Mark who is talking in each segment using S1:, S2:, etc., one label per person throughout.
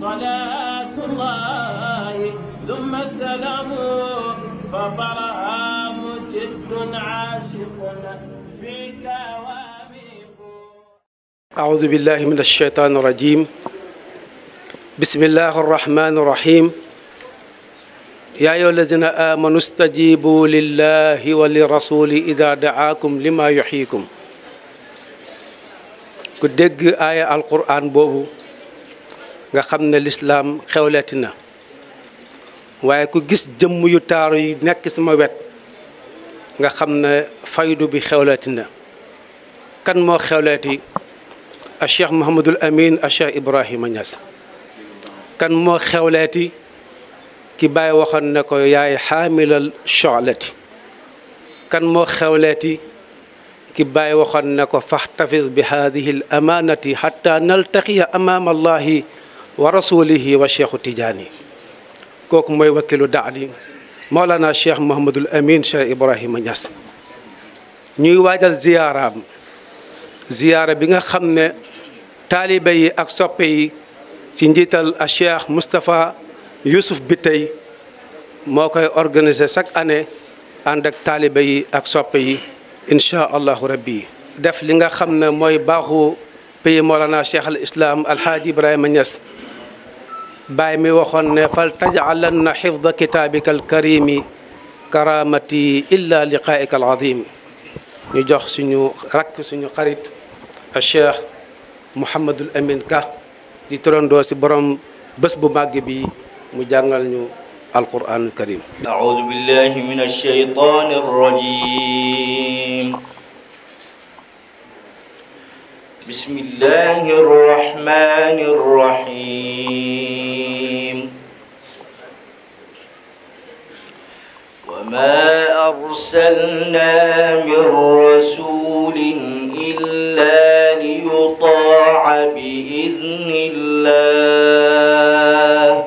S1: صلاة الله ثم
S2: السلام
S1: فبرهام جد عاشق فيك واميق
S2: أعوذ بالله من الشيطان الرجيم بسم الله الرحمن الرحيم يا أيها الذين آمنوا استجيبوا لله ولرسول إذا دعاكم لما يحييكم ku dégg aaya alquran boobu nga xam ne lislaam xewleeti na waaye ku gis jëmm yu taaru yi nekk sama wet nga xam ne faydu bi xewleeti na kan moo xewleeti a cheikh Mouhamadul Amin a cheikh Ibrahima Niass kan moo xewleti ki bàyyi waxoon ne ko yaay xaamilal choxlati kan moo xewleeti ki bàyyi waxoon ne ko faxtafis bi haadihi amaanati xatta naltaqiya amaama allahi wa rasulihi wa cheikhu tijaani kooku mooy wakkilu daali maolana cheikh mohamadul amin cheikh ibrahima Niass ñuy waajal ziyaaraam ziyaara bi nga xam ne taalibe yi ak soppe yi ci njiital a cheikh moustapha yusuf bi tey moo koy organiser chaque année ànd ak taalibe yi ak soppe yi incha allahu rabbi def li nga xam ne mooy baaxu pays maolana cheikh al islam alhaaji ibrahima Niass baay mi waxoon ne fal tajcalanna alkarimi karamati illa liqaaika aladim ñu jox suñu rakk suñu xarit cheikh mouhamadul amin ka di turandoo si borom bés bu màgg bi mu jàngal ñu alquranul karim
S1: وما أرسلنا من رسول إلا ليطاع بإذن الله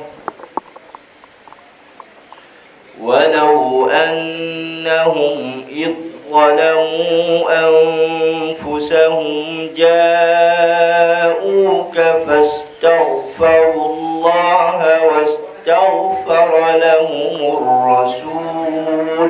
S1: ولو أنهم إذ ظلموا أنفسهم جاءوك فاستغفروا الله واستغفروا واستغفر لهم الرسول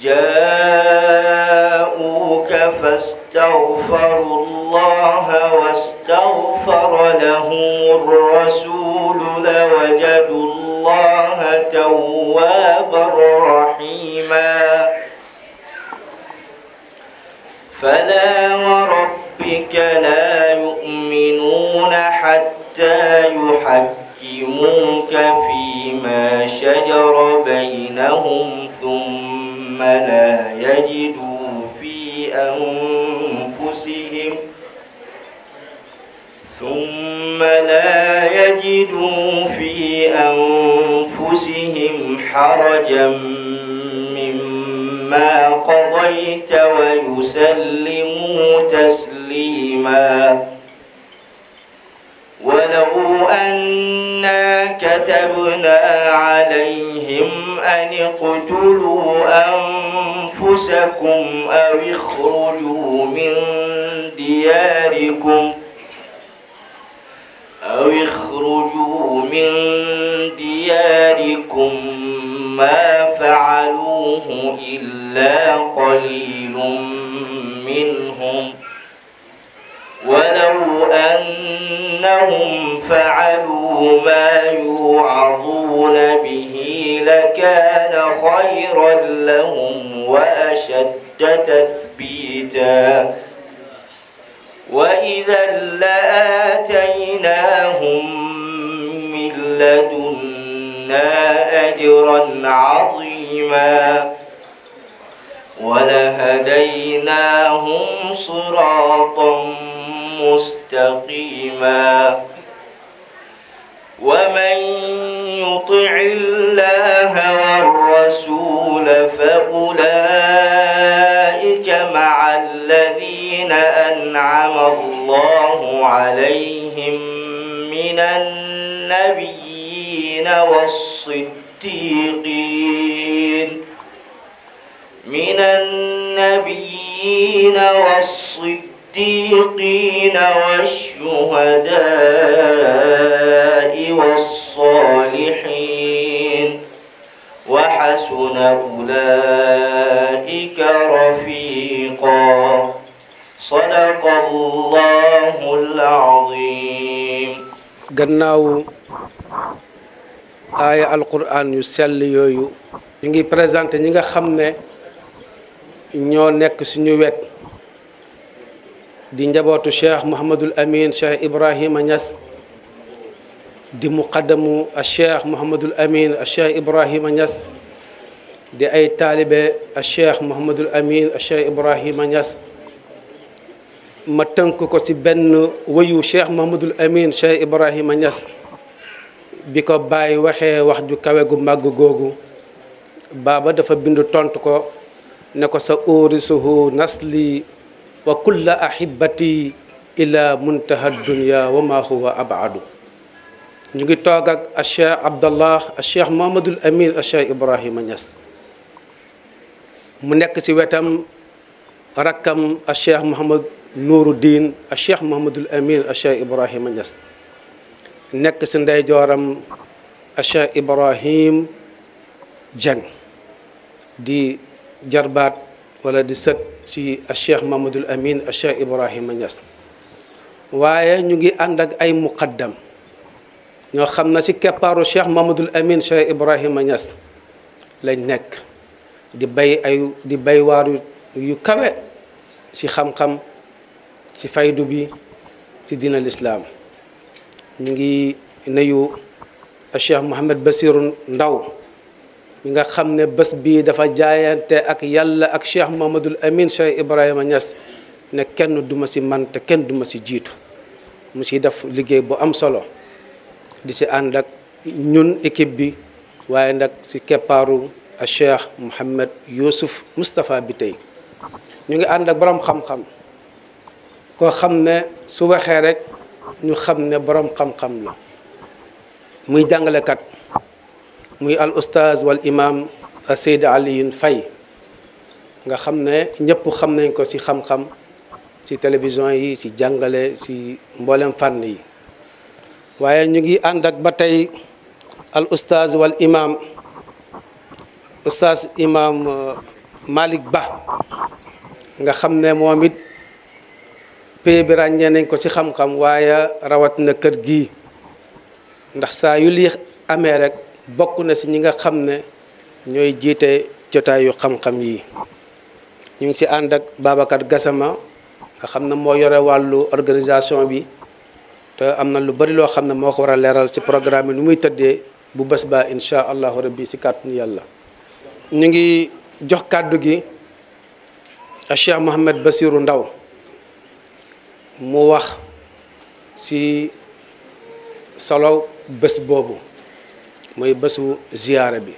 S1: جاءوك فاستغفروا الله واستغفر لهم الرسول لوجدوا الله توابا رحيما فلا وربك لا يؤمنون حتى يجدوا في أنفسهم حرجا مما قضيت ويسلموا تسليما ولو أنا كتبنا عليهم أن اقتلوا أنفسكم أو اخرجوا من دياركم ۖ أو اخرجوا من دياركم ما فعلوه إلا قليل منهم ولو أنهم فعلوا ما يوعظون به لكان خيرا لهم وأشد تثبيتا وإذا لآتيناهم من لدنا أجرا عظيما ولهديناهم صراطا مستقيما ومن يطع الله والرسول فأولئك مع الله الذين أنعم الله عليهم من النبيين والصديقين من النبيين والصديقين والشهداء والصالحين وحسن أولئك رفيقاً sadaqallahu al-azim
S2: gannaaw aaya alquran yu sell yooyu ñu ngi présenté ñi nga xam ne ñoo nekk suñu wet di njabootu cheikh Mouhamadul Amin cheikh Ibrahima Niass di muqaddamu a cheikh Mouhamadul Amin a cheikh Ibrahima Niass di ay taalibe a cheikh Mouhamadul Amin a cheikh Ibrahima Niass ma tënk ko ci benn wayu cheikh mahmadul amin cheikh ibrahima ñas bi ko bàyyi waxee wax ju kawe gu màgg googu baaba dafa bind tontu ko ne ko sa urisuhu nasli wa kulla ahibati ila muntaha dunya wa ma huwa abadu ñu ngi toog ak a cheikh abdallah a cheikh mahmadul amin a cheikh ibrahima ñas mu nekk ci wetam rakkam a cheikh mohamad nuuru diin a cheikh Mouhamadul Amin a cheikh Ibrahima Niass nekk si ndeyjooram a cheikh Ibrahim Dieng di jarbaat wala di sët si a cheikh Mouhamadul Amin a cheikh Ibrahima Niass waaye ñu ngi ànd ak ay muqaddam ñoo xam na si keppaaru cheikh Mouhamadul Amin cheikh Ibrahima Niass lañ nekk di bay ay di bay waar yu kawe si xam-xam. ci faydu bi ci dina lislaam ñu ngi nuyu Cheikh Mouhamed Bassirou Ndaw mi nga xam ne bés bi dafa jaayante ak yàlla ak Cheikh Mouhamadoul Amine Cheikh Ibrahima ñas ne kenn duma si man te kenn duma ci jiitu mu ci def liggéey bu am solo di ci ànd ak ñun équipe bi waaye nag ci keppaaru Cheikh Mouhamed Youssouf Moustapha bi tey ñu ngi ànd ak borom xam-xam koo xam ne su waxee rek ñu xam ne boroom xam-xam la muy jàngalekat muy al ustaaz wal imam Seyd Alioune Faye nga xam ne ñëpp xam nañ ko ci xam-xam ci télévision yi ci jàngale ci mboolem fànn yi waaye ñu ngi ànd ak ba tey al ustaaz wal imam ustaaz imam uh, Malick Ba nga xam ne moom it pay bi ràññee nañ ko ci xam-xam waaye rawat na kër gi ndax saa yu lii amee rek bokk na ci ñi nga xam ne ñooy jiite jotaayu xam-xam yi ñu ngi ci ànd ak Babacar Gassama nga xam ne moo yore wàllu organisation bi te am na lu bari loo xam ne moo ko war a leeral ci programme bi nu muy tëddee bu bés ba incha allahu rabbi ci kàttanu yàlla ñu ngi jox kàddu gi Cheikh Mouhamed Bassirou Ndaw mu wax ci solo bés boobu mooy bésu ziyaara bi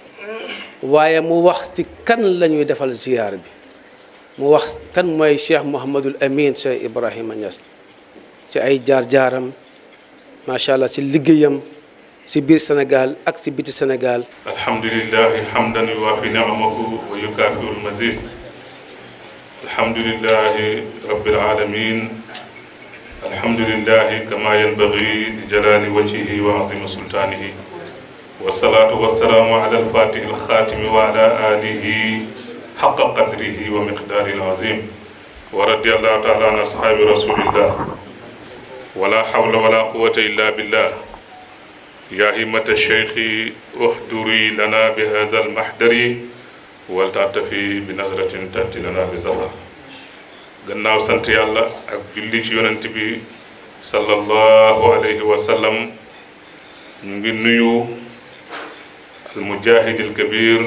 S2: waaye mu wax ci kan la ñuy defal ziyaara bi mu wax kan mooy Cheikh Mouhamadul Amin Cheikh Ibrahima Niass ci ay jaar-jaaram macha allah ci liggéeyam ci biir senegal ak ci biti Sénégal.
S3: alhamdulilahi hamdan yuwaafi ni'amahu wa yukaafi'ul maziid alhamdulilahi rabbil aalamiin alhamdulillahi kama yanbaghi li jalali wajhihi wa azimi sultaanihi wasalaatu wasalaamu ala alfatihi alxaatimi wa ala alihi xaqa qadrihi wa miqdaari alazim wa radiallahu taala an ashaabi rasulillah wala hawla wala quwata illa billah yaa himmata cheikhi uhduri lana bi hada almahdari waltatafi bi nazratin tati lana bi zafar gannaaw sant yàlla ak julli ci yonent bi sallallahu alayhi wa sallam ñu ngi nuyu al mujahid al kabir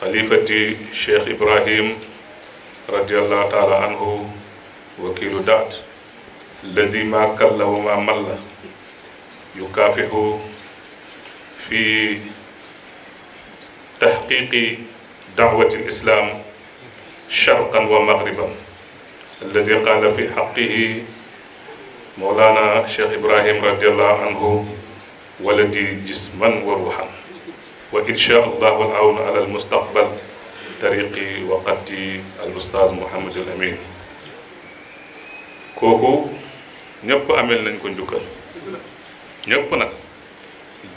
S3: xalifati cheikh ibrahim radiallahu taala anhu wakiilu daat allazi ma kalla wa ma malla yukaafihu fi tahqiqi daawati al islam sharqan wa maghriban allazi qaala fi haqqihi mawlana cheikh ibrahim radiallahu anhu waladi jisman wa ruuxan wa insha allah wal awnu ala al mustaqbal tariqi wa qaddi al ustaz Mouhamad al Amin kooku ñépp amel nañ ko njukkal ñépp nag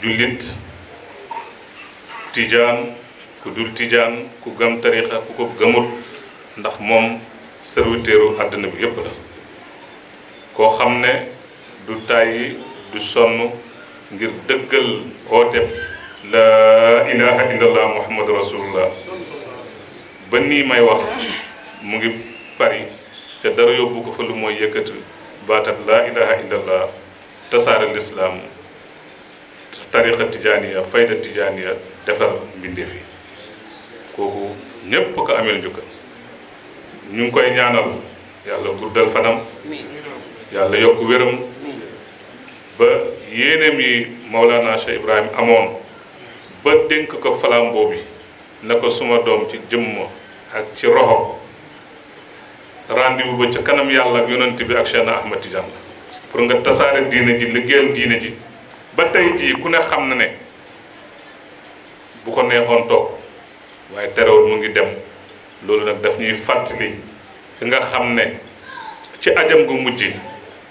S3: jullit tijaan ku dul tijaan ku gëm tariqa ku ko gëmut ndax moom serviteuru àddina bi yépp la koo xam ne du tàyyi du sonn ngir dëggal oote laa ilaha illallah muhammadu rasulullah ba nii may wax mu ngi Paris te dara yóbbu ko fa lu mooy yëkkati baatab laa ilaha illallah tasaare lislaam tariqa tijaaniya fayda tijaaniya defar mbindeef yi kooku ñépp ko ameel njukka ñu ngi koy ñaanal yàlla guddal fanam yàlla yokk wéram ba yéeneem yi Maulana Cheikh Ibrahim amoon ba dénk ko flambeau bi na ko suma doom ci jëmm ak ci roxo rendez-vous ba ca kanam yàlla ak yonent bi ak Cheikh Ahmed Tidiane pour nga tasaare diine ji liggéeyal diine ji ba tey jii ku ne xam na ne bu ko neexoon toog waaye terewul mu ngi dem loolu nag daf ñuy fàttali fi nga xam ne ci ajam gu mujj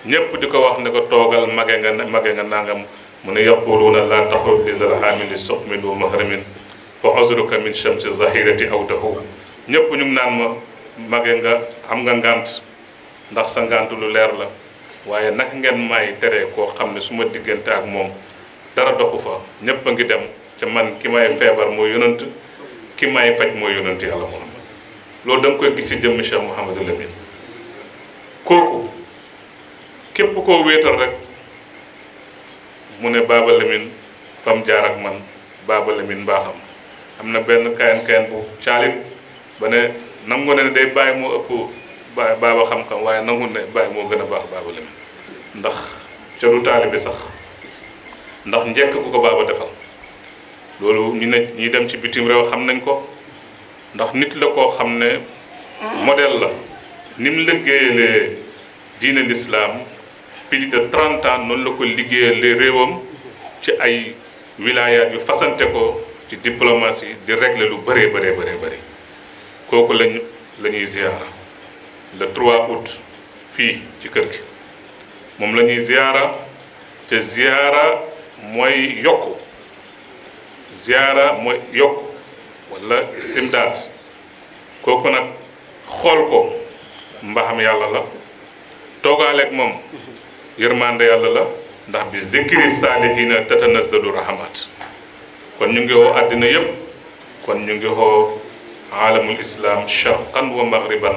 S3: ñépp di ko wax ne ko toogal mage nga mage nga nangam na ne yaquluuna la taxrub bi zirhamin li suqmin wa mahramin fa uzruka min shamsi zahirati aw dahu ñépp ñu ngi naan ma mage nga am nga ngànt ndax sa ngànt lu leer la waaye naka ngeen may tere koo xam ne suma diggante ak moom dara doxu fa ñépp a ngi dem ca man ki may feebar moo yonant ki may faj mooy yonant yàlla moom loolu da koy gis ci jëmm Cheikh Mouhamadou Lamine kooku képp koo wéetal rek mu ne Baba Lamine fam jaar ak man Baba Lamine mbaaxam am na benn kayan kayan bu caalit ba ne nangu ne day bàyyi moo ëpp ba baaba xam-xam waaye nangu ne bàyyi moo gën a baax Baba Lamine ndax ca du taalibe sax ndax njëkk bu ko baaba defal loolu ñu ne ñu dem ci bitim réew xam nañ ko ndax nit la koo xam ne model la ni mu liggéeyalee diine lislaam plus de 30 ans noonu la ko liggéeyalee réewam ci ay wilaayaat yu fasante ko ci diplomatie di régler lu bëree bëree bëree bëri kooku lañ la ñuy ziyaara le 3 août fii ci kër gi moom la ñuy ziyaara te ziyaara mooy yokku ziyaara mooy yokku wala istimdaad kooku nag xool ko mbaxam yàlla la toogaaleeg moom yërmande yàlla la ndax bi zikri saalihiina tatanazzalu rahmat kon ñu ngi woo àddina yépp kon ñu ngi woo aalamul islam sharqan wa maghriban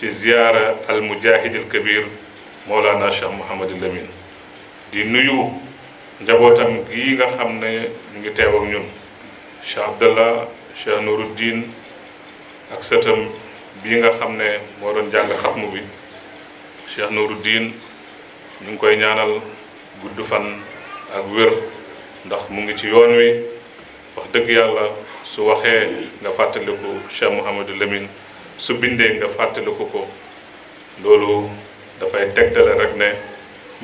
S3: ci ziyaara al mujahidil kabir Mawlana Cheikh Mouhamadul Amin di nuyu njabootam gii nga xam ne ñu ngi teew ñun Cheikh Abdallah Cheikh diin ak sëtam bii nga xam ne moo doon jàng xatmu bi Cheikh diin ñu ngi koy ñaanal gudd fan ak wér ndax mu ngi ci yoon wi wax dëgg yàlla su waxee nga fàttaliku Cheikh Mouhamadou lemin su bindee nga fàttaliku ko loolu dafay tegtale rek ne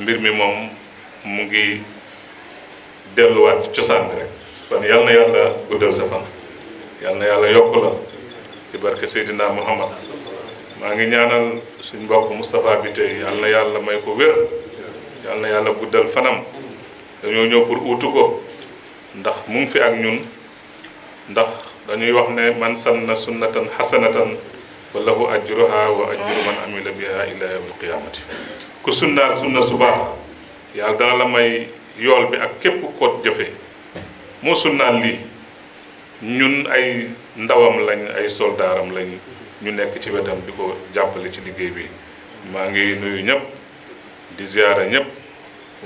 S3: mbir mi moom mu ngi delluwaat cosaan bi rek kon yal na yàlla guddal sa fan yal na yàlla yokk la ci barke Seydina Muhammad maa ngi ñaanal suñ mbokk Moustapha bi tey yal yàlla may ko wér yal na yàlla guddal fanam dañoo ñëw pour uutu ko ndax mu fi ak ñun ndax dañuy wax ne man sanna sunnatan hasanatan wa lahu ajruha wa ajru man amila biha ila yawm alqiyamati ku sunnaal sunna su baax yàlla dana la may yool bi ak képp ko jëfe moo sunnaal lii ñun ay ndawam lañ ay soldaaram lañ ñu nekk ci wetam di ko jàppale ci liggéey bi maa ngi nuyu ñëpp di ziyaara ñëpp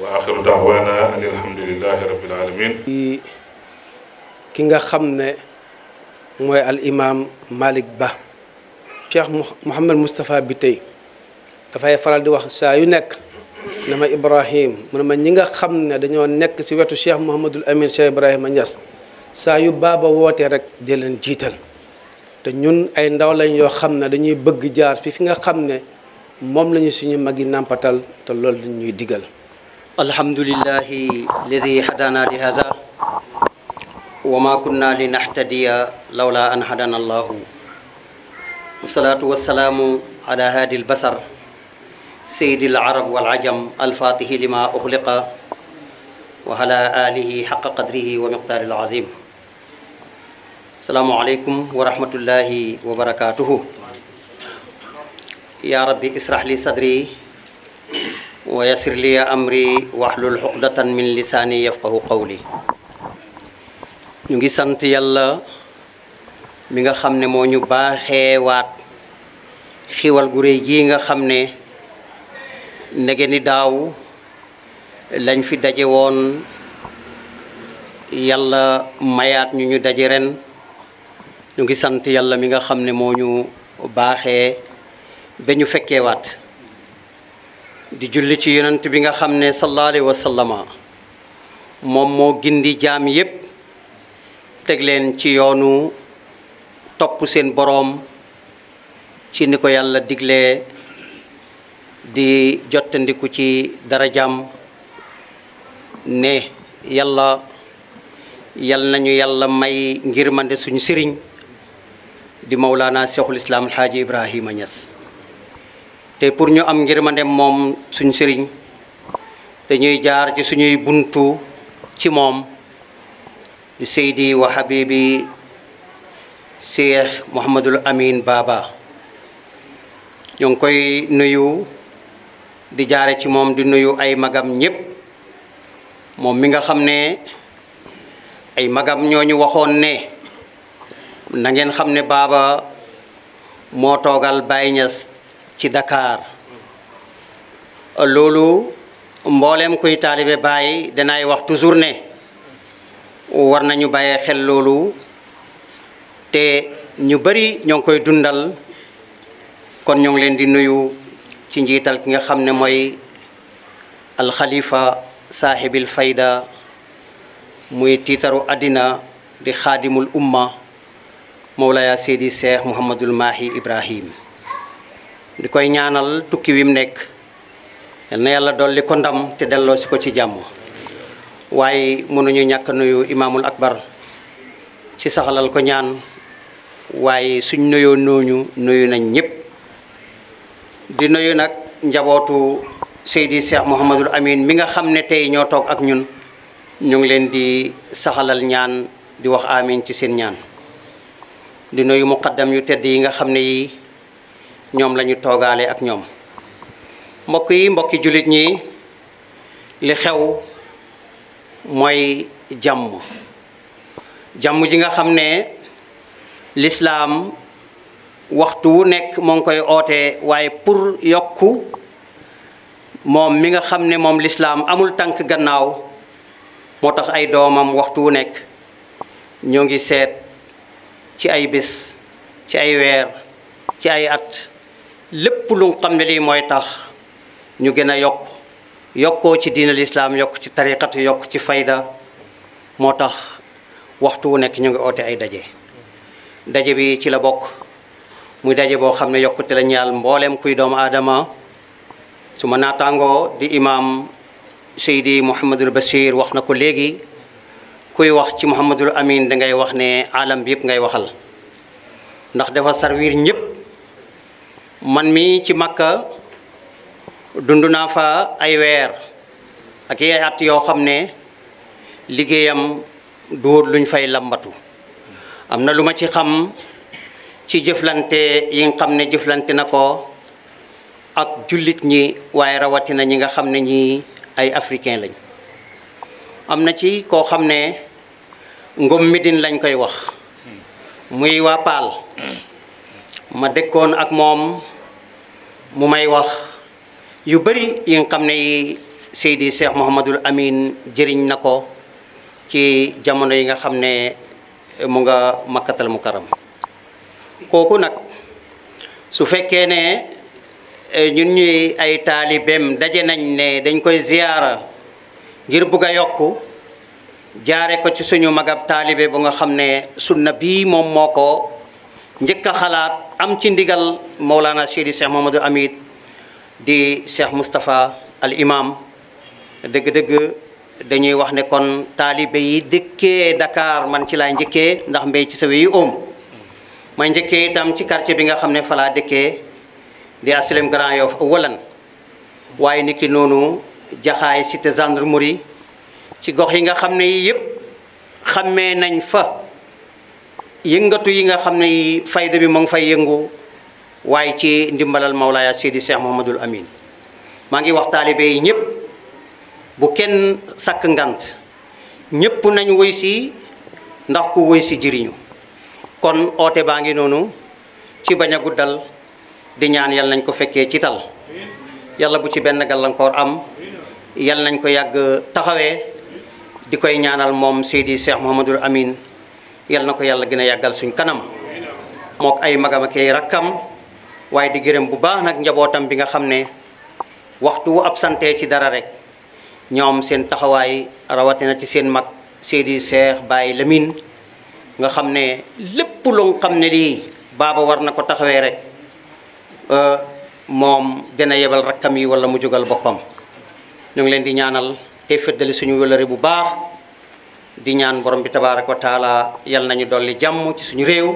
S3: wa axiru daawaana an alhamdulillahi rabbil alamin
S2: ki nga xam ne mooy al imam Ba Cheikh Mouhamed Moustapha bi tey dafay faral di wax saa yu nekk ne ma Ibrahim mu ne ma ñi nga xam ne dañoo nekk ci wetu Cheikh Mouhamadul Amin Cheikh Ibrahima Niass saa yu baaba wootee rek di leen jiital te ñun ay ndaw lañ yoo xam ne dañuy bëgg jaar fii fi nga xam ne moom lañu suñu mag yi
S4: nàmpatal te loolu dañ ñuy digal alhamdulillahi ladi hadana li hada wa ma kunna li nahtadiya lawla an hadana allahu wasalaatu wasalaamu ala hadi albasar sayidi al arab wal ajam alfatihi lima uxliqa wa ala alihi xaqa qadrihi wa miqdaari alazim asalaamu aleykum wa rahmatullahi wa barakatuhu ya rabbi israh li sadri wa yassir li amri wahlul uqdatan min lisaani yafqahu qawli ñu ngi sant yàlla mi nga xam ne moo ñu baaxeewaat xiwal gu réy gii nga xam ne nege ni daaw lañ fi daje woon yàlla mayaat ñu ñu daje ren ñu ngi sant yàlla mi nga xam ne moo ñu baaxee ba ñu fekkeewaat di julli ci yonent bi nga xam ne sallallahu alayhi wa moom moo gindi jaam yépp teg leen ci yoonu topp seen boroom ci ni ko yàlla digle di jottandiku ci dara jàmm ne yàlla yal nañu yàlla may ngir mande suñu sëriñ di Mawlana Cheikhul Islam El Hadji Ibrahima Niass te pour ñu am ngir mande moom suñ sëriñ dañuy jaar ci suñuy buntu ci moom di Seydi wa Habibi Cheikh Mouhamadul Amin Baba ñoo ngi koy nuyu di jaare ci moom di nuyu ay magam ñépp moom mi nga xam ne ay magam ñu waxoon ne nangeen xam ne baaba moo toogal Baye ñas ci dakaar loolu mboolem kuy taalibe Baye danaay wax toujours ne war nañu bàyyee xel loolu te ñu bari ñoo ngi koy dundal kon ñoo ngi leen di nuyu ci njiital ki nga xam ne mooy alxalifa saaxibil fayda muy tiitaru àddina di xaadimul umma mawlaya seydi seex muhammadul maahi ibrahim di koy ñaanal tukki wi mu nekk yal na yàlla dolli ko ndam te delloosi ko ci jàmm waaye mën nañu ñàkk nuyu imaamul akbar ci saxalal ko ñaan waaye suñ nuyoo nooñu nuyu nañ ñëpp di nuyu nag njabootu Seydi Cheikh Mouhamadul Amin mi nga xam ne tey ñoo toog ak ñun ñu ngi leen di saxalal ñaan di wax amin ci seen ñaan di nuyu muqaddam yu tedd yi nga xam ne yi ñoom lañu ñu toogaale ak ñoom mbokk yi mbokki jullit ñi li xew mooy jàmm jàmm ji nga xam ne lislaam waxtu wu nekk moo ngi koy oote waaye pour yokku moom mi nga xam ne moom lislaam amul tànk gannaaw moo tax ay doomam waxtu wu nekk ñoo ngi seet ci ay bés ci ay weer ci ay at lépp lu xam ne lii mooy tax ñu gën a yokk yokkoo ci diina lislaam yokk ci tariqatu yokk ci fayda moo tax waxtu wu nekk ñu ngi oote ay daje daje bi ci la bokk muy daje boo xam ne yokkute la ñaal mboolem kuy doomu aadama su ma naataangoo di imaam Seydi Mouhamadul Bashir wax na ko léegi kuy wax ci Mouhamadul Amin dangay wax ne alam bi yëpp ngay waxal ndax dafa servir ñépp man mi ci Makka dund naa fa ay weer ak ay yoo xam ne liggéeyam du wóor luñ fay lambatu am na lu ma ci xam ci jëflante yi nga xam ne jëflante na ko ak jullit ñi waaye rawatina ñi nga xam ne ñii ay africain lañ am na ci koo xam ne Ngom Médine lañ koy wax muy waa Paal ma dëkkoon ak moom mu may wax yu bari yi nga xam ne yi Seydi Cheikh Mouhamadul Amin jëriñ na ko ci jamono yi nga xam ne mu nga makkatal mu karam kooku nag su fekkee ne Eh, ñun ñuy ay taalibeem daje nañ ne dañ koy ziyaara ngir bugg a yokku jaare ko ci suñu magab taalibe bu nga xam ne sunna bii moom moo ko njëkk a xalaat am ci ndigal Mawlana Seydi Cheikh Mamadou Amid di Cheikh Moustapha al imam dëgg-dëgg dañuy wax ne kon taalibe yi dëkkee Dakar man ci laay njëkkee ndax mbey ci sa weyu oom ma njëkkee itam ci quartier bi nga xam ne falaa dëkkee di asilem Grand Yoff walan waaye ni ki noonu jaxaay cité gendarmerie ci gox yi nga xam ne yi yëpp xammee nañ fa yëngatu yi nga xam ne yi fayda bi mu ngi fay yëngu waaye ci ndimbalal Mawlaaya Seydi Cheikh Mouhamadoul Amin maa ngi wax taalibe yi ñëpp bu kenn sakk ngant ñëpp nañ woy si ndax ku woy si jëriñu kon oote baa ngi noonu ci bañ a guddal di ñaan yal nañ ko fekkee ci tal yàlla bu ci benn gàllankoor am yal nañ ko yàgg taxawee di koy ñaanal moom Seydi Cheikh Mouhamadul Amin yal na ko yàlla gën a yàggal suñ kanam mook ay magam ak ay rakkam waaye di gërëm bu baax nag njabootam bi nga xam ne waxtu wu ab sante ci dara rek ñoom seen taxawaay rawatina ci seen mag Seydi Cheikh Baye lamin nga xam ne lépp lu nga xam ne lii baaba war na ko taxawee rek Euh, moom dina yebal rakkam yi wala mu jógal boppam ñu ngi leen di ñaanal te feddali suñu wëlëre bu baax di ñaan borom bi tabaaraka wa yal nañu dolli jàmm ci suñu réew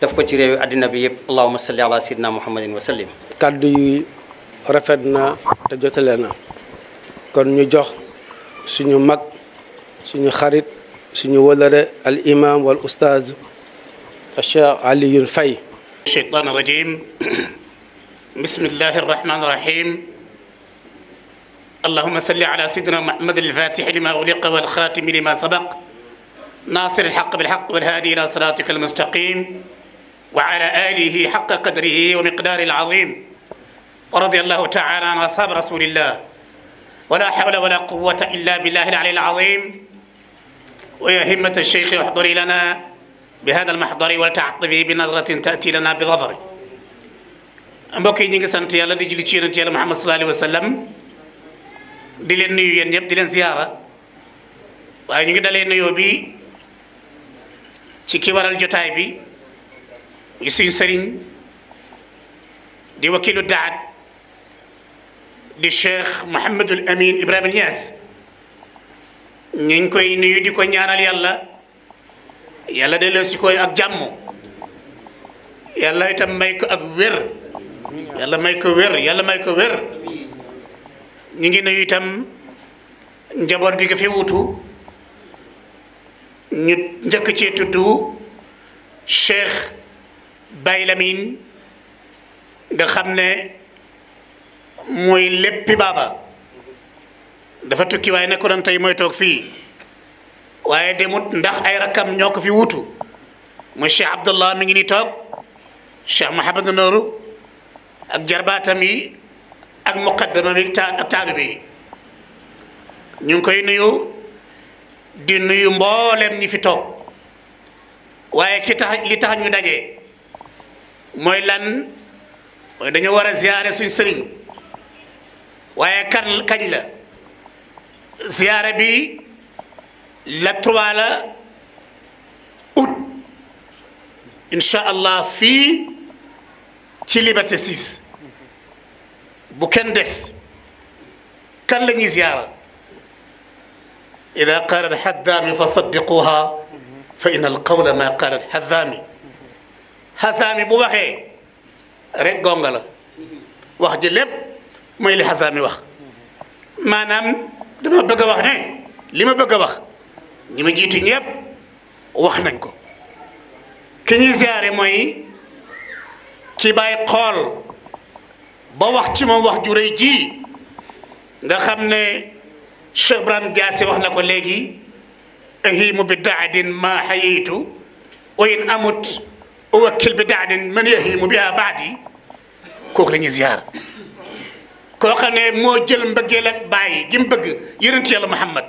S4: def ko ci réew àddina bi yëpp allahumma salli ala sayyidina muhammadin wa sallim
S2: kàddu yi rafet na te jotale na kon ñu jox suñu mag suñu xarit suñu wëlëre al imam wal ustaaz al cheikh Alioune Faye
S5: shaytaan rajim bismillahi irrahmani irrahim allahuma salli ala sayidina muhammad alfatixi lima uliqa walxatimi lima sabaq nasir alxaq bilxaq walhaadi ila siratika almustaqim wa ala alihi xaqa qadrihi wa miqdaari alazim wa radi allahu taala an ashab rasulillah wala xawla wala quwata illa billahi alali alazim wa ya himmata alcheikh uxduri lana bihada almaxdari waltacatifi binadratin tati lana bidafari mbokk yi ñu ngi sant yàlla di julli ci yonent yàlla Muhammad sallallahu alayhi wa di leen nuyu yéen ñëpp di leen ziyaara waaye ñu ngi dalee nuyoo bi ci ki waral jotaay bi muy suñu sëriñ di wakilu daat di cheikh Mouhamadul Amin Ibrahima Niass ñu ngi koy nuyu di ko ñaanal yàlla yàlla delloosi koy ak jàmm yàlla itam may ko ak wér. yàlla may ko wér yàlla may ko wér ñu ngi nuyu itam njaboot gi nga fi wutu ñu njëkk ci tudd Cheikh Baye Lamine nga xam ne mooy léppi baaba dafa tukki waaye nekkoon tey mooy fii waaye demut ndax ayra rakkam ñoo ko fi wutu mu Cheikh Abdullah mi ngi ni toog Cheikh Mouhamadou Nourou ak jarbaatam yi ak muqaddamam yi ak taalibe yi ñu ngi koy nuyu di nuyu mbooleem ñi fi toog waaye ki tax li tax ñu daje mooy lan mooy dañu war a ziyaare suñ sëriñ waaye kan kañ la ziyaare bi la trois la août allah fii ci liberté 6 bu kenn des kan la ñuy ziyaara ida qaala alxaddaami fa saddiquha fa in alqawla ma qaala alxaddaami xasaami bu waxe rek gonga la wax ji lépp mooy li xasaami wax maanaam dama bëgg a wax ne li ma bëgg a wax ñi ma jiitu wax nañ ko ki ñuy ziyaare mooy ci bàyyi xool ba wax ci moom wax ju ji nga xam ne Cheikh Ibrahim Diassi wax na ko léegi ahimu bi daadin ma xayitu wa in amut uwakkil bi daadin man yahimu biha baadi kooku la ñuy ziar koo ne moo jël mbëggeel ak bàyyi gi bëgg yonent yàlla Muhammad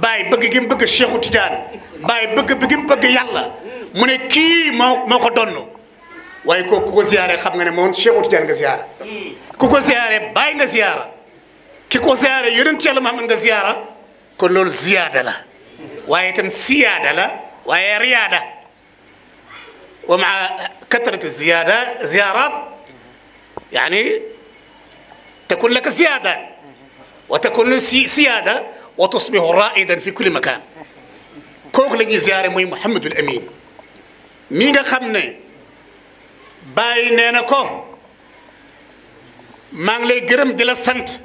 S5: bàyyi bëgg bëgg Cheikhu Tidiane bàyyi bëgg bi gi mu bëgg yàlla mu ne kii moo moo ko donn waaye kooku ku ko ziyaare xam nga ne moom Cheikh Tidiane nga ziyaara ku ko ziyaare bàyyi nga ziyaara ki ko ziyaare yonent Yàlla Muhammad nga ziyaara kon loolu ziyaada la waaye itam siyaada la waaye riyaada wa maa katrati ziyaada ziyaarat yaani takun laka ziyaada wa takun siyaada wa tusbihu raidan fi kulli makan kooku la ñuy ziyaare mooy Mouhamadul Amin mi nga xam ne bàyyi nee na ko maa ngi lay gërëm di la sant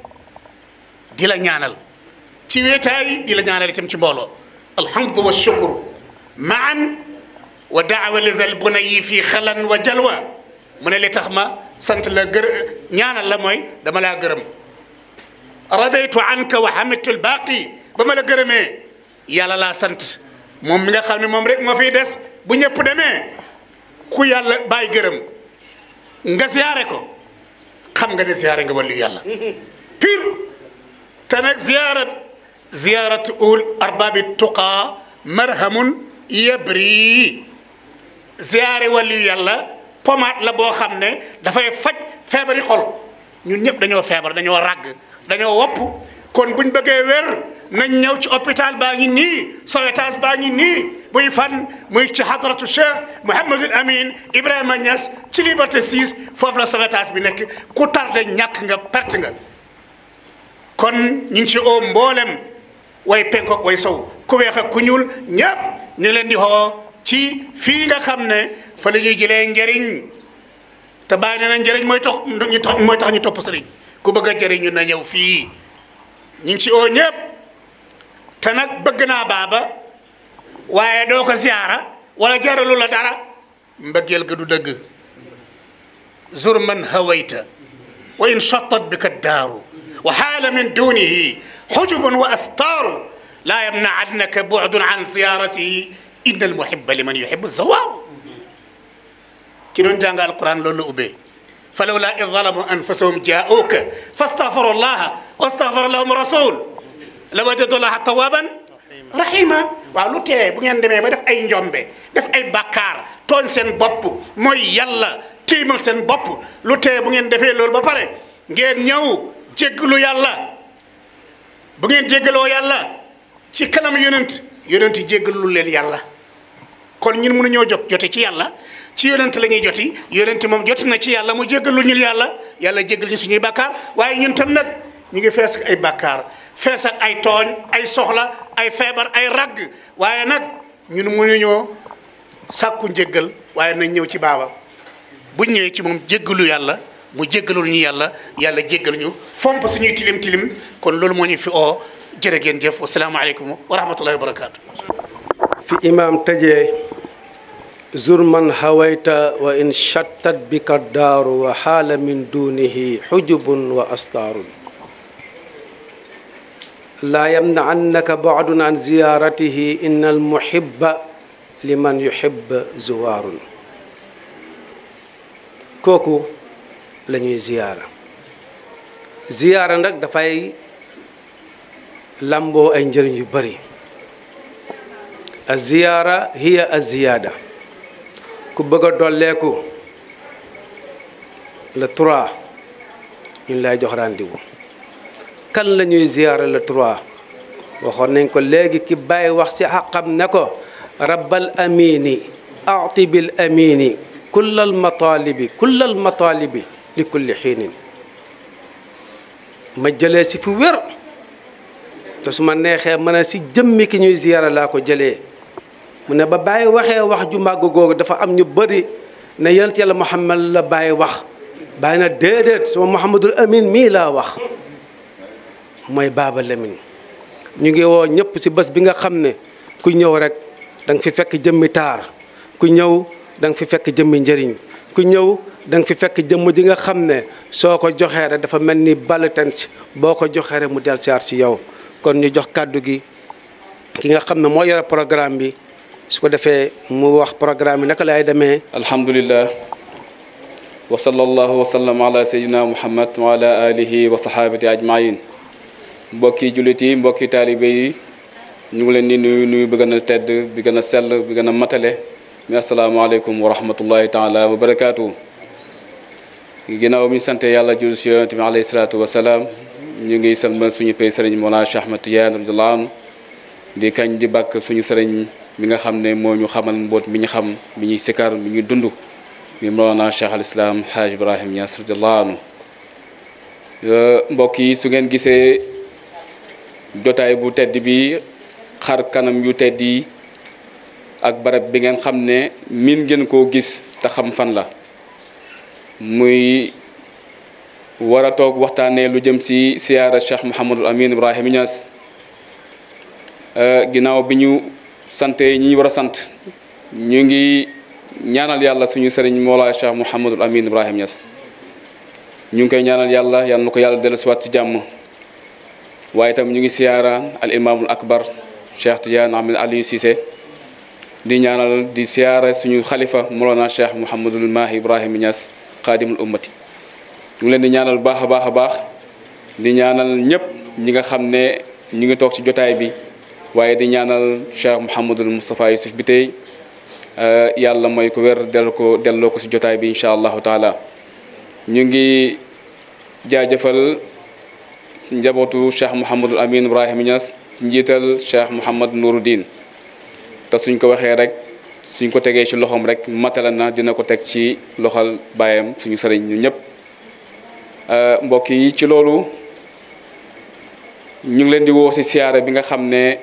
S5: di la ñaanal ci weetaay di la ñaanal itam ci mbooloo alhamdu wa shukur maan wa daawa lizal bu na yi fii xalan wa jalwa mu ne li tax ma sant la gër ñaanal la mooy dama laa gërëm radaytu anka wa hamidtul baaqi ba ma la gërëme yàlla laa sant moom mi nga xam ne moom rek moo fi des bu ñëpp demee ku yàlla bàyyi gërëm nga siyaare ko xam nga ne siyaare nga wàllu yàlla pire te nag ziyaarat ziyaarat ul arbaabi tuqaa marhamun yabri ziyaare wàllu yàlla pomaat la boo xam ne dafay faj feebari xol ñun ñëpp dañoo feebar dañoo ràgg dañoo wopp kon buñ bëggee wér nañ ñëw ci hôpital baa ngi nii Sowétas baa ngi nii muy fan muy ci hadratu Cheikh Mouhamadul Amin Ibrahima Niass ci Liberté 6 foofu la Sowétas bi nekk ku tardé ñàkk nga perte nga kon ñu ngi ci oo mboolem way penkook way sow ku weex ku ñuul ñëpp ñu leen di xoo ci fii nga xam ne fa la ñuy jëlee njëriñ te bàyyi na njariñ mooy tax ñu mooy tax ñu topp sëriñ ku bëgg a na ñëw fii ñu ngi ci oo ñëpp te nag bëgg naa baaba waaye doo ko siyaara wala jaralu la dara mbëggeel ga du dëgg zur man hawayta wa in chattat bika daaru wa xaala min dunihi xujubun wa astaaru laa yamnaannaka bu'dun an ziyaaratihi inna almuhibba liman yuhibbu zawaaru ki doon jàng alquran loolu la ubbee falawlaa id zalamu anfusahum jaa'uuka fastaghfaru llaha wa staghfara lahum rasul la wajadulaaha tawaaban rahima waaw lu tee bu ngeen demee ma def ay njombe def ay bakkaar tooñ seen bopp mooy yàlla tiimal seen bopp lu tee bu ngeen defee loolu ba pare ngeen ñëw jéggalu yàlla bu ngeen jéggaloo yàlla ci kanam yonent yonent jéggalul leen yàlla kon ñun mënu ñëw jot jote ci yàlla ci yonent la ñuy joti yonent moom joti na ci yàlla mu jéggalul ñun yàlla yàlla jéggal ñu suñuy bàkkaar waaye ñun tam nag ñu ngi fees ay bakkaar fees ay tooñ ay soxla ay feebar ay ragg waaye nag ñun mënuñoo sàkku njéggal waaye nañ ñëw ci baaba bu ñëwee ci moom jéggalu yàlla mu jéggalul ñu yàlla yàlla jéggal ñu fomp suñuy tilim tilim kon loolu moo ñu fi oo jërë ngeen jëf wasalaamaaleykum wa rahmatullahi wa barakaatu.
S2: fi imaam tëjee zur man hawayta wa in chattat bika daaru wa xaala min dunihi xujubun wa astaarun laa yamna annaka baadun an ziyaaratihi inna al muhibba liman yuhibba zuwaarun kooku lañuy ñuy ziyaara ziyaara nag dafay lamboo ay njëriñ yu bari aziyaara hiya aziyaada ku bëgg a dolleeku le trois ñun lay jox rendez kan la ñuy ziyaara le 3 waxoon nañ ko léegi ki bàyyi wax si xaqam ne ko rabbal amini aati bil amini kullal mataalibi kullal mataalibi li kulli xiinin ma jële si fu wér te su ma neexee mën a si jëmmi ki ñuy ziyaara laa ko jëlee mu ne ba bàyyi waxee wax ju màgg googu dafa am ñu bari ne yonent yàlla Muhammad la bàyyi wax bàyyi na déedéet suma Muhammadul Amin mii laa wax mooy baaba Lamine ñu ngi woo ñëpp ci bés bi nga xam ne ku ñëw rek danga nga fi fekk jëmmi taar ku ñëw danga nga fi fekk jëmmi njëriñ ku ñëw da nga fekk jëmm ji nga xam ne soo ko joxee rek dafa mel ni baltens boo ko joxee rek mu del siaar si yow kon ñu jox kàddu gi ki nga xam ne moo yore programme bi su ko defee mu wax programme bi naka laay demee alhamdulilah
S6: wa sallallahu wa sallam ala sayyidina muhammad wa ala alihi wa sahabati ajmain mbokki jullit yi mbokki taalibe yi ñu ngi leen di nuyu nuyu bi tedd bi gën a sell bi gën a matale mi asalaamaaleykum wa rahmatullahi taala wa barakaatu. ginnaaw bi sant yàlla jullit si yonent bi alayhi salaatu wa salaam ñu ngi salmal suñu pay sëriñ Mawlana Cheikh Ahmad Tidiane radiyallahu di kañ di bàkk suñu sëriñ mi nga xam ne moo ñu xamal mboot mi ñu xam mi ñuy sikar mi ñuy dund mi Mawlana Cheikh al Islam Haaj Ibrahim Niass radiyallahu anhu su ngeen gisee. jotaay bu tedd bi xar kanam yu tedd yi ak barab bi ngeen xam ne miin ngeen koo gis te xam fan la muy war a toog waxtaanee lu jëm ci siyaara Cheikh Mouhamadul Amin Ibrahima Niass euh, ginnaaw bi ñu sante ñi ñu war a sant ñu ngi ñaanal yàlla suñu sëriñ Mawlaay Cheikh Mouhamadul Amin Ibrahima Niass ñu ngi koy ñaanal yàlla yàlla na ko yàlla dellusiwaat ci jàmm. waaye itam ñu ngi siyaara al imaamul akbar Cheikh Tidiane Ahmed Aliou sise di ñaanal di siyaara suñu xalifa Mawlana Cheikh Mouhamadul Mahi Ibrahima Niass xaadimul ummati ñu ngi leen di ñaanal baax a baax a baax di ñaanal ñëpp ñi nga xam ne ñu ngi toog ci jotaay bi waaye di ñaanal Cheikh Mouhamadul Moustapha Yusuf bi tey eh, yàlla mooy ko weer del ko delloo ko ci jotaay bi incha allahu taala ñu ngi jaajëfal. si njabootu cheikh Mouhamadul Amin Ibrahima Niass si njiital cheikh Mouhamad Nouruddin te suñ ko waxee rek suñ ko tegee ci loxoom rek matala na dina ko teg ci loxal baayam suñu sëriñ ñu ñëpp euh, mbokk yi ci loolu ñu ngi leen di woo si siyaare bi nga xam ne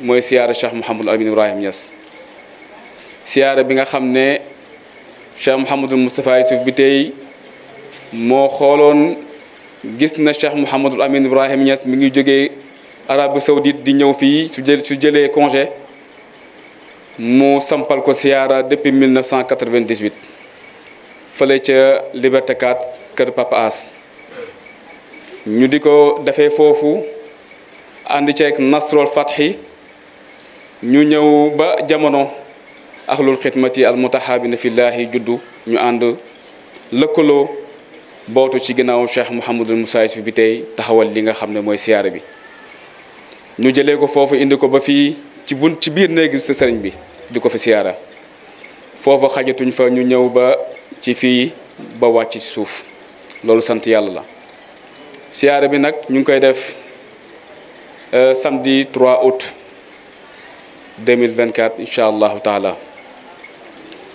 S6: mooy siyaare cheikh Mouhamadul Amin Ibrahima Niass siyaare bi nga xam ne cheikh Mouhamadul Moustapha Yusuf bi tey moo xooloon. gis na Cheikh Mouhamadul Amin Ibrahim Niass mi ngi jóge Arabie Saoudite di ñëw fii su su jëlee congé mu sampal ko siyaara depuis 1998 fële ca Liberté 4 kër Papa As ñu di ko defee foofu ànd ceeg Nasrul Fathi ñu ñëw ba jamono ahlul xidmati al mutahabina fillahi juddu ñu ànd lëkkaloo bootu ci ginnaaw Cheikh Mouhamadul Moussa Youssouf bi tey taxawal li nga xam ne mooy siyaare bi ñu jëlee ko foofu indi ko ba fii ci bunt ci biir néegi sa sëriñ bi di ko fi siyaara foofa xajatuñ fa ñu ñëw ba ci fii ba wàcc ci suuf loolu sant yàlla la siyaara bi nag ñu ngi koy def euh, samedi 3 août 2024 incha allahu taala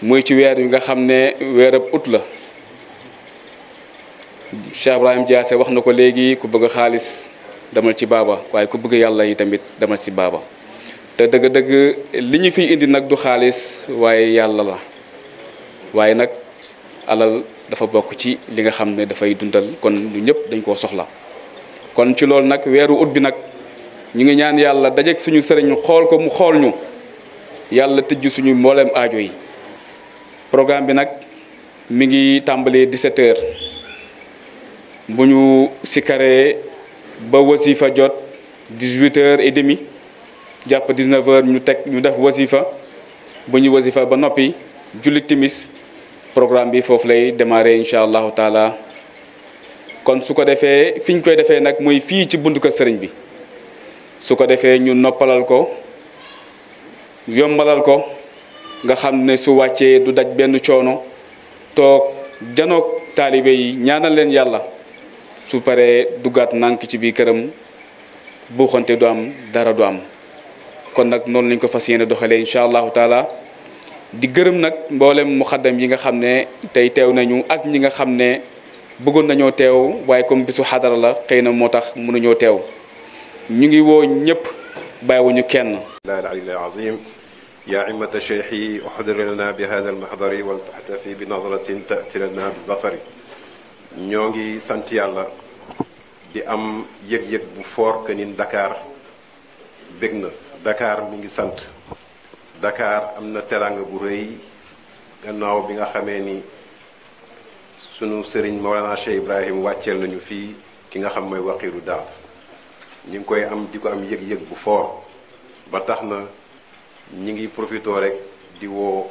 S6: muy ci weer bi nga xam ne weerab août la Cheikh Ibrahim Diassé wax na ko léegi ku bëgg xaalis demal ci baaba waaye ku bëgg yàlla yi tamit demal ci baaba te dëgg-dëgg li ñu fiy indi nag du xaalis waaye yàlla la waaye nag alal dafa bokk ci li nga xam ne dafay dundal kon ñu ñëpp dañ koo soxla kon ci loolu nag weeru ut bi nag ñu ngi ñaan yàlla dajeeg suñu sëriñ xool ko mu xool ñu yàlla tëjju suñu mbooleem aajo yi programme bi nag mu ngi tàmbalee 17 heures bu ñu sikaree ba wasifa jot 18 heures et demi jàpp 19 ñu teg ñu def wasifa bu ñu wasifa ba noppi julli timis programme bi foofu lay démarrer incha allahu taala kon su ko defee fi ñu koy defee nag mooy fii ci buntu kër sëriñ bi su ko defee ñu noppalal ko yombalal ko nga xam ne su wàccee du daj benn coono toog janoog taalibe yi ñaanal leen yàlla su paree duggaat nànk ci biir këram buuxante du am dara du am kon nag noonu lañ ko fas yéene doxalee incha allahu taala di gërëm nag mboolem mu xaddam yi nga xam ne tey teew nañu ak ñi nga xam ne bëggoon nañoo teew waaye comme bisu xadara la xëy na moo tax
S7: mënuñoo teew ñu ngi woo ñëpp bàyyiwuñu kenn. a a يا أئمة شيخي أحضر لنا بهذا المحضر ولتحتفي بنظرة تأتي لنا بالظفر ñoo ngi sant yàlla di am yëg-yëg bu fort que ni Dakar na dakaar mi ngi sant dakaar am na teraanga bu rëy gannaaw bi nga xamee ni sunu sëriñ Mawlana Cheikh Ibrahim wàcceel nañu fii ki nga xam mooy waxiiru daal ñu ngi koy am di ko am yëg-yëg bu fort ba tax na ñi ngi profitoo rek di woo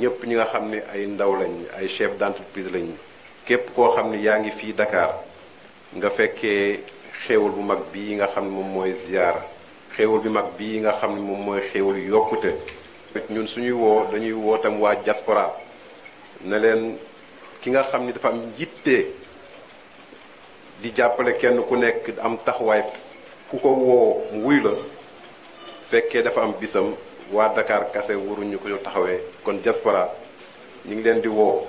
S7: ñépp ñi nga xam ni ay ndaw lañ ay chef d'entreprise lañ képp koo xam ni yaa ngi fii Dakar nga fekkee xéewal bu mag bii nga xam ne moom mooy ziyaara xéewal bi mag bii nga xam ne moom mooy xéewal yokkute ñun suñuy woo dañuy woo tam waa diaspora ne leen ki nga xam ni dafa am yitte di jàppale kenn ku nekk am taxawaay ku ko woo mu wuy la fekkee dafa am bisam waa Dakar kase waruñu ko taxawee kon diaspora ñu ngi leen di woo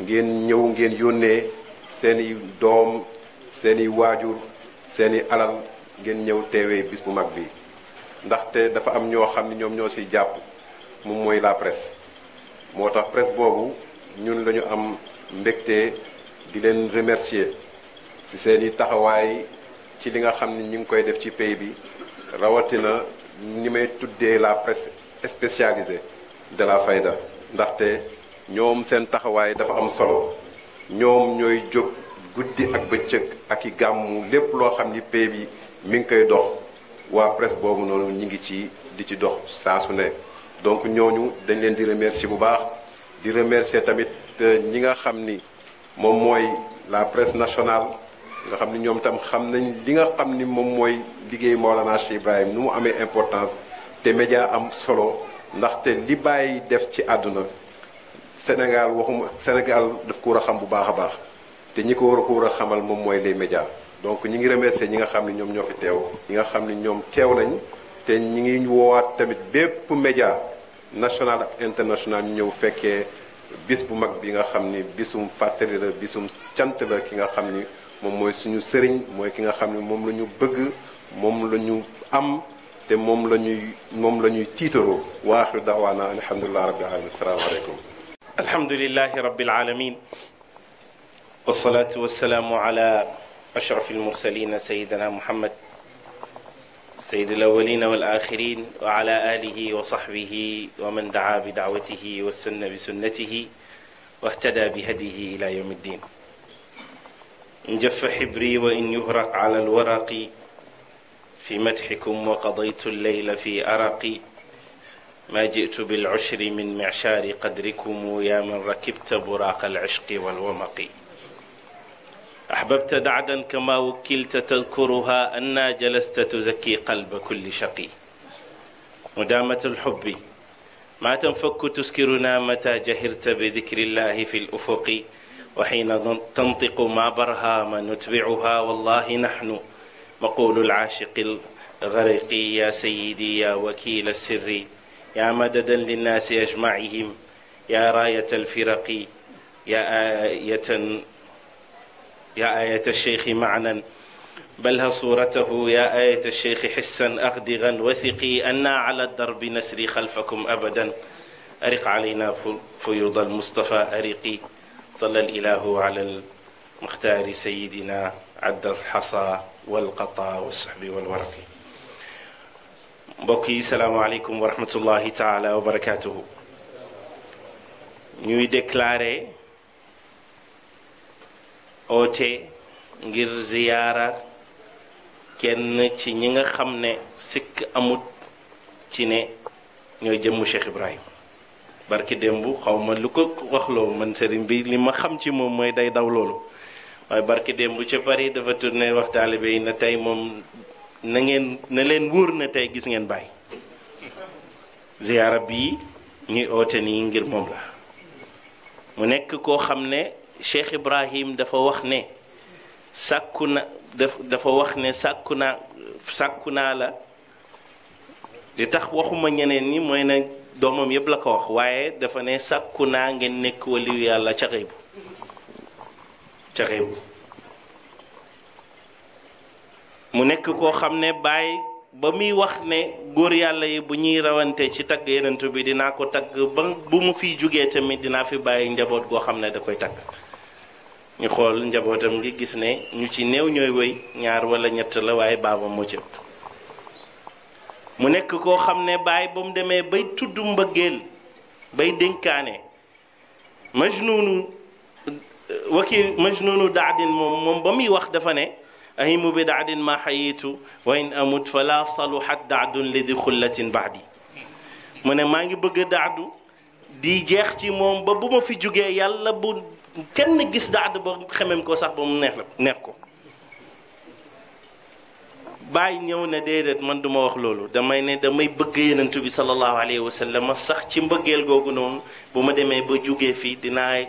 S7: ngeen ñëw ngeen yónnee seeni doom seeni waajur seeni alal ngeen ñëw teewee bis bu mag bi ndaxte dafa am ñoo xam ne ñoom ñoo siy jàpp moom mooy la presse moo tax presse boobu ñun lañu am mbégte di leen remercier ci seeni taxawaay ci li nga xam ne ñu ngi koy def ci pays bi rawatina ni may tuddee la presse spécialisée de la fayda ndaxte ñoom seen taxawaay dafa am solo ñoom ñooy jóg guddi ak bëccëg ak i gàmmu lépp loo xam ni pay bi mi ngi koy dox waa presse boobu noonu ñi ngi ci di ci dox saa su ne donc ñooñu dañ leen di remercier bu baax di remercier tamit euh, ñi nga xam ni moom mooy la presse nationale nga xam ni ñoom tam xam nañ li nga xam ni moom mooy liggéey Mawlana Cheikh Ibrahim nu mu amee importance te média am solo ndaxte li bàyyi def ci àdduna Sénégal waxuma Sénégal daf ko war a xam bu baax a baax te ñi ko war a ko war a xamal moom mooy les médias donc ñi ngi remercier ñi nga xam ne ñoom ñoo fi teew ñi nga xam ne ñoom teew nañ te ñi ngi woowaat tamit bépp média national ak international ñëw fekkee bis bu mag bi nga xam ni bisum fàttali la bisum cant la ki nga xam ni moom mooy suñu sëriñ mooy ki nga xam ni moom la ñu bëgg moom la ñu am te moom la ñuy moom la ñuy tiitaroo waaxiru daawaana alhamdulilah rabbil alamin asalaamaaleykum
S8: alhamdulilahi rabbil alamin wasalaatu wasalaamu ala ashraf almursalin sayidina muhammad sayid alawalina walaxirin wa ala alihi wa saxbihi wa man daa bi daawatihi wa sanna bi sunnatihi wa ihtada bi hadihi ila yawm ddin njëfa xibri wa in yuhraq ala alwaraqi fi madxikum wa qadaytu allayla fi araqi ما جئت بالعشر من معشار قدركم يا من ركبت براق العشق والومق أحببت دعدا كما وكلت تذكرها أنا جلست تزكي قلب كل شقي مدامة الحب ما تنفك تسكرنا متى جهرت بذكر الله في الأفق وحين تنطق ما برهام نتبعها والله نحن مقول العاشق الغرقي يا سيدي يا وكيل السر يا مددا للناس أجمعهم يا راية الفرق يا آية يا آية الشيخ معنا بلها صورته يا آية الشيخ حسا أغدغا وثقي أنا على الدرب نسري خلفكم أبدا أرق علينا فيوض المصطفى أرقي صلى الإله على المختار سيدنا عد الحصى والقطى والسحب والورق mbokk yi salaamaaleykum wa rahmatullahi taala wa barakaatuhu ñuy déclarer oote ngir ziyaara kenn ci ñi nga xam ne sikk amut ci ne ñoo jëmm Cheikh Ibrahim barki démb xaw ma lu ko waxloo man sëriñ bi li ma xam ci moom mooy day daw loolu waaye barki démb ca Paris dafa tourné wax taalibe yi na tey moom na ngeen na leen wóor na tey gis ngeen bàyyi ziyaara bii ñuy oote nii ngir moom la mu nekk koo xam ne Cheikh Ibrahim dafa wax ne sàkku na dafa wax ne sàkku naa sàkku naa la li tax waxuma ñeneen ñi mooy ne doomam yépp la ko wax waaye dafa ne sàkku naa ngeen nekk waliyu yàlla ca xëy bu ca xëy bu mu nekk koo xam ne baay ba muy wax ne góor yàlla yi bu ñuy rawantee ci tagg yenentu bi dinaa ko tagg ba bu mu fi jógee tamit dinaa fi bàyyi njaboot goo xam ne da koy tagg ñu xool njabootam ngi gis ne ñu ci néew ñooy wéy ñaar walla ñett la waaye baaba moo ci ëpp mu nekk koo xam ne baay ba mu demee bay tudd mbëggeel bay dénkaane majnunu wakil majnunu daadin moom moom ba muy wax dafa ne ahimu bidaadin ma xayitu wa in amut fala saluhat daadun li di xullatin baadi mu ne maa ngi bëgg daadu di jeex ci moom ba bu ma fi jógee yàlla bu kenn gis daadu ba xemem ko sax ba mu neex la neex ko bàyyi ñëw ne déedéet man duma wax loolu damay ne damay bëgg yenentu bi sallallahu alayhi wa sallam sax ci mbëggeel googu noonu bu ma demee ba jógee fii dinaa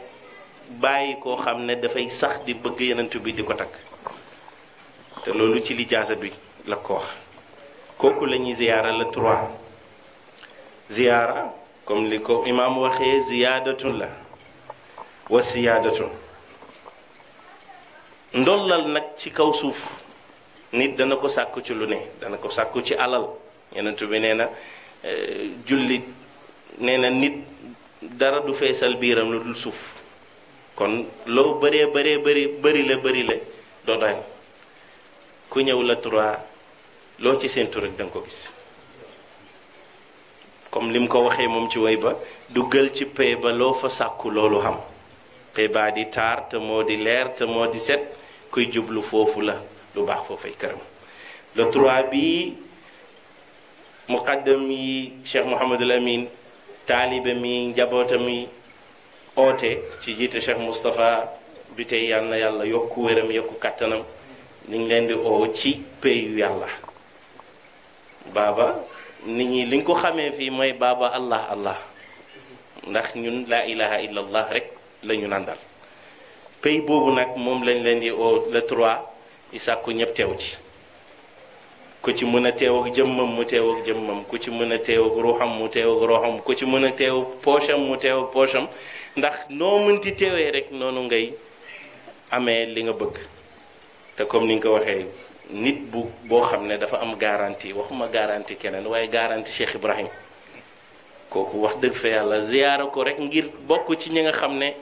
S8: bàyyi koo xam ne dafay sax di bëgg yenentu bi di ko takk loolu ci lijaasa bi la ko wax kooku la ñuy ziyaara la trois ziyaara comme li ko imaam waxee ziyaadatun la wa siyaadatun ndollal nag ci kaw suuf nit dana ko sàkku ci lu ne dana ko sàkku ci alal yenentu bi nee na eh, jullit nee nit dara du feesal biiram lu dul suuf kon loo bëree bëree bëri la bëri la doo ku ñëw la trois loo ci seentu rek da nga ko gis comme li mu ko waxee moom ci woy ba duggal ci pay ba loo fa sàkku loolu xam pay baa di taar te moo di leer te moo di set kuy jublu foofu la lu baax foofay këram le trois bi muqaddam yi Cheikh Mouhamadul Amin taaliba mi njabootam yi oote ci jiite Cheikh mustafa bi tey yal na yàlla yokku wéram yokku kàttanam ñu ngi leen di oo ci payu yàlla baaba nit ñi liñ ko xamee fii mooy baaba allah allah ndax ñun laa ilaha illallah rek la ñu nandal pay boobu nag moom lañ leen di oo le trois i sàkku ñëpp teew ci ku ci mën a teewak ak jëmmam mu teew jëmmam ku ci mën a teew ak ruuxam mu teew ak ruuxam ku ci mën a teew ak poosam mu teew poosam ndax noo mënti teewee rek noonu ngay amee li nga bëgg te comme ni nga ko waxee nit bu boo xam ne dafa am garantie waxuma garantie keneen waaye garantie Cheikh Ibrahim kooku wax dëgg fa yàlla ziyaara ko rek ngir bokk ci ñi nga xam ne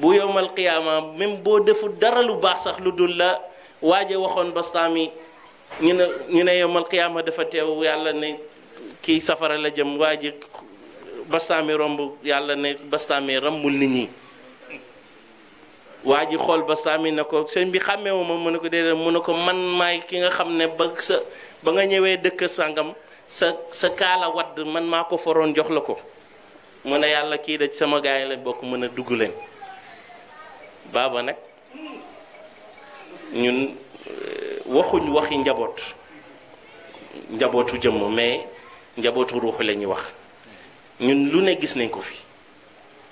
S8: bu yowmal qiyaama même boo deful dara lu baax sax lu dul la waaje waxoon bastaami ñu ne ñu ne yowmal qiyaama dafa teew yàlla ne kii safara la jëm waaje bastaami romb yàlla ne bastaami rammul nit ñi waa ji xool ba sàmmi na ko sëñ bi xàmmeewu ma mu ne ko déedéet mu ne ko man maay ki nga xam ne ba sa ba nga ñëwee dëkk sàngam sa sa kaala wadd man maa ko foroon jox la ko mu ne yàlla kii da sama gaay la bokk mën a dugg leen baaba nag ñun eh, waxuñ waxi njaboot njabootu jëmm mais njabootu ruux la ñuy wax ñun lu ne gis nañ ko fii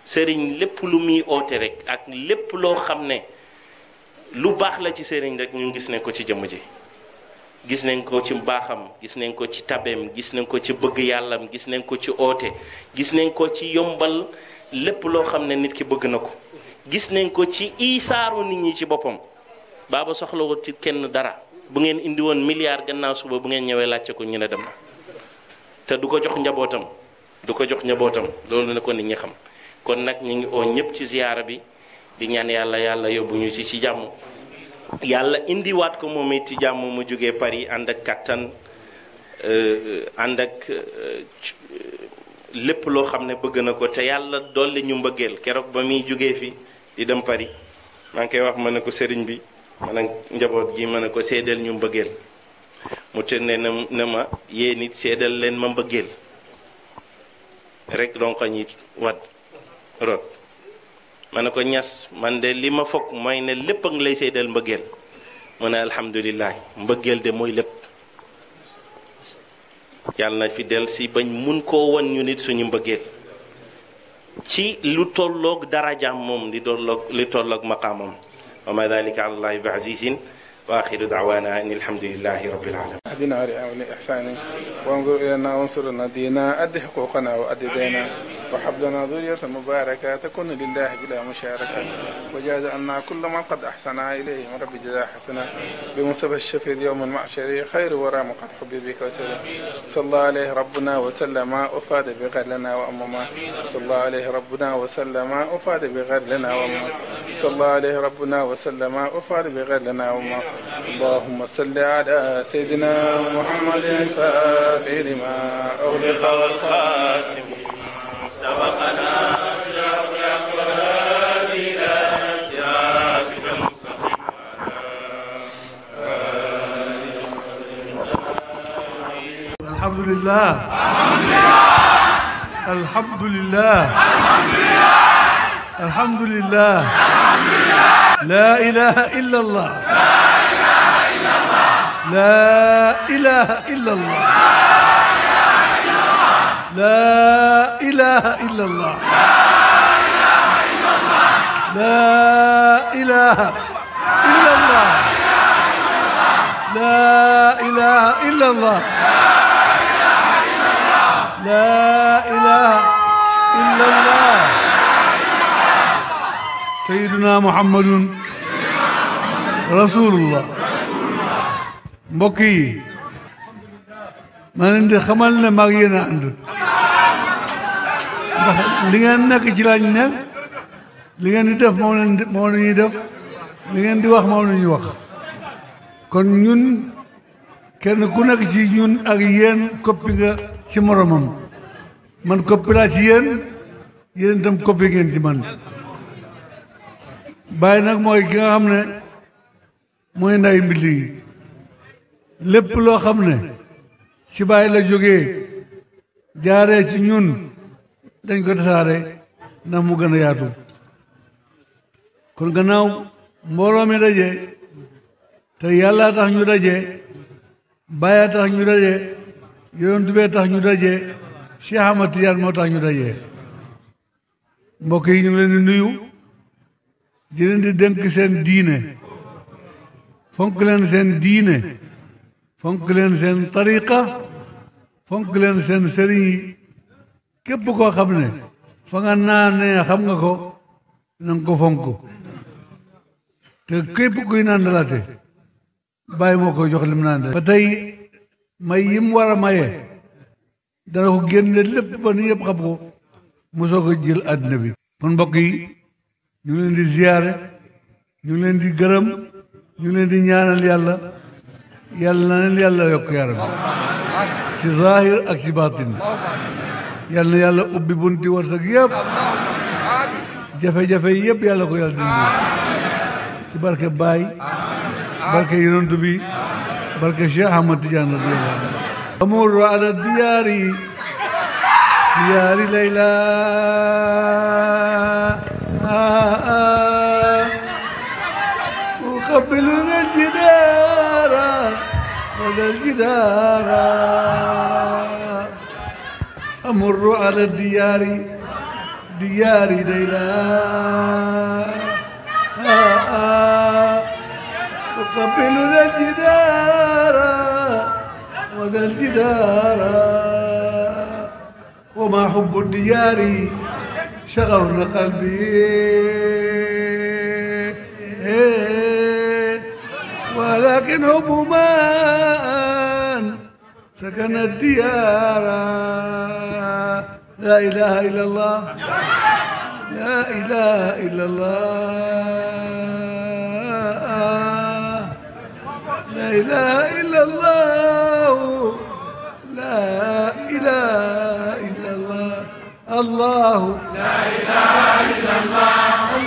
S8: sëriñ lépp lu muy oote rek ak lépp loo xam ne lu baax la ci sëriñ rek ñu gis nañ ko ci jëmm ji gis nañ ko ci mbaaxam gis nañ ko ci tabeem gis nañ ko ci bëgg yàllam gis nañ ko ci oote gis nañ ko ci yombal lépp loo xam ne nit ki bëgg na ko gis nañ ko ci isaaru nit ñi ci boppam baaba soxlawul ci kenn dara bu ngeen indi woon milliard gannaaw suba bu ngeen ñëwee laajte ko ñu ne dem na te du ko jox njabootam du ko jox njabootam loolu na ko nit ñi xam kon nag ñu ngi oo ñëpp ci ziyaara bi di ñaan yàlla yàlla yóbbuñu ci ci jàmm yàlla indiwaat ko moom it ci jàmm mu jóge Paris ànd ak kàttan euh, ànd ak euh, euh, lépp loo xam ne bëgg na ko te yàlla dolli ñu mbëggeel keroog ba muy jógee fi di dem Paris maa ngi koy wax ma ne ko sëriñ bi ma ne njaboot gi ma ne ko seedeel ñu mbëggeel mu tënne na ma yéen it seedal leen ma mbëggeel rek donc ñi wadd rot ma ne ko ñas man de li ma foog mooy ne lépp a lay seedal mbëggeel mu ne alhamdulilah mbëggeel de mooy lépp yàlla na fi del si bañ mun koo won ñu nit suñu mbëggeel ci lu tolloog darajaam moom li tolloog li tolloog maqaamam wa ma dalika alallahi bi azizin واخر دعوانا ان الحمد لله رب العالمين.
S3: اهدنا ورعاونا احسانا وانظر الينا وانصرنا دينا
S2: اد حقوقنا واد دينا وحب لنا ذرية مباركة تكون لله بلا مشاركة وجاز أن كل من قد أحسن إليه من رب جزاء حسنة بمنصب الشفير يوم المعشر خير ورا قد حبيبك وسلم صلى الله عليه ربنا وسلم أفاد بغير لنا وأمما صلى الله عليه ربنا وسلم أفاد بغير لنا وأمما صلى الله عليه ربنا وسلم أفاد بغير لنا وأمما اللهم
S9: صل على سيدنا محمد الفاتح لما أغلق
S8: والخاتم سبقنا
S9: الحمد لله الحمد لله الحمد لله الحمد لله لا إله إلا الله لا إله إلا الله لا إله إلا الله لا إله إلا الله لا إله إلا الله لا إله إلا الله
S10: سيدنا محمد رسول الله mbokk yi ma leen di xamal ne maag yéen a ànd li ngeen nekk ci lañ ne li ngeen di def moom lañ moom la ñuy def li ngeen di wax moom lañuy wax kon ñun kenn ku nekk ci ñun ak yéen coppi nga ci moromam man coppi ci yéen yéen itam coppi ngeen ci man bàyyi nag mooy ki nga xam ne mooy nday mbind yi lépp loo xam ne ci bàyyi la jóge jaare ci ñun dañ ko tasaare ndax mu gën a yaatu kon gannaaw mbooloo mi daje te yàlla tax ñu daje bàyyi tax ñu daje yonent bi tax ñu daje Cheikh Ahmad Tidiane moo tax ñu daje mbokk yi ñu leen di nuyu di leen di dénk seen diine fonk leen seen diine fonk leen seen tariqa fonk leen seen sëriñ yi képp koo xam ne fa nga naan ne xam nga ko nanga ko fonk te képp kuy naan dalaate bàyyi moo ko jox lim naan ba tey may yim war a maye dana ko génne lépp ba nu yëpp xam ko mosoo ko jël àddina bi kon mbokk yi ñu ngi leen di ziyaare ñu ngi leen di gërëm ñu di ñaanal yàlla yàlla na leen yàlla yokk yaram ci zahir ak ci baatin yàlla na ubbi bunti wërsëg yëpp jafe-jafe yëpp yàlla ko yàlla dindi ci barke Baay barke yonent bi barke Cheikh Ahmad Tidiane radiyallahu anhu amur
S9: ala diyaari diyaari layla ah, ah. uqabbilu على الجدار أمر على الديار ديار ليلى أقبل ذا الجدار وذا الجدار وما حب الديار شغل قلبي ولكن هبومان سكنت ديارا لا إله إلا الله لا إله إلا الله لا إله إلا الله لا إله إلا الله الله لا إله إلا الله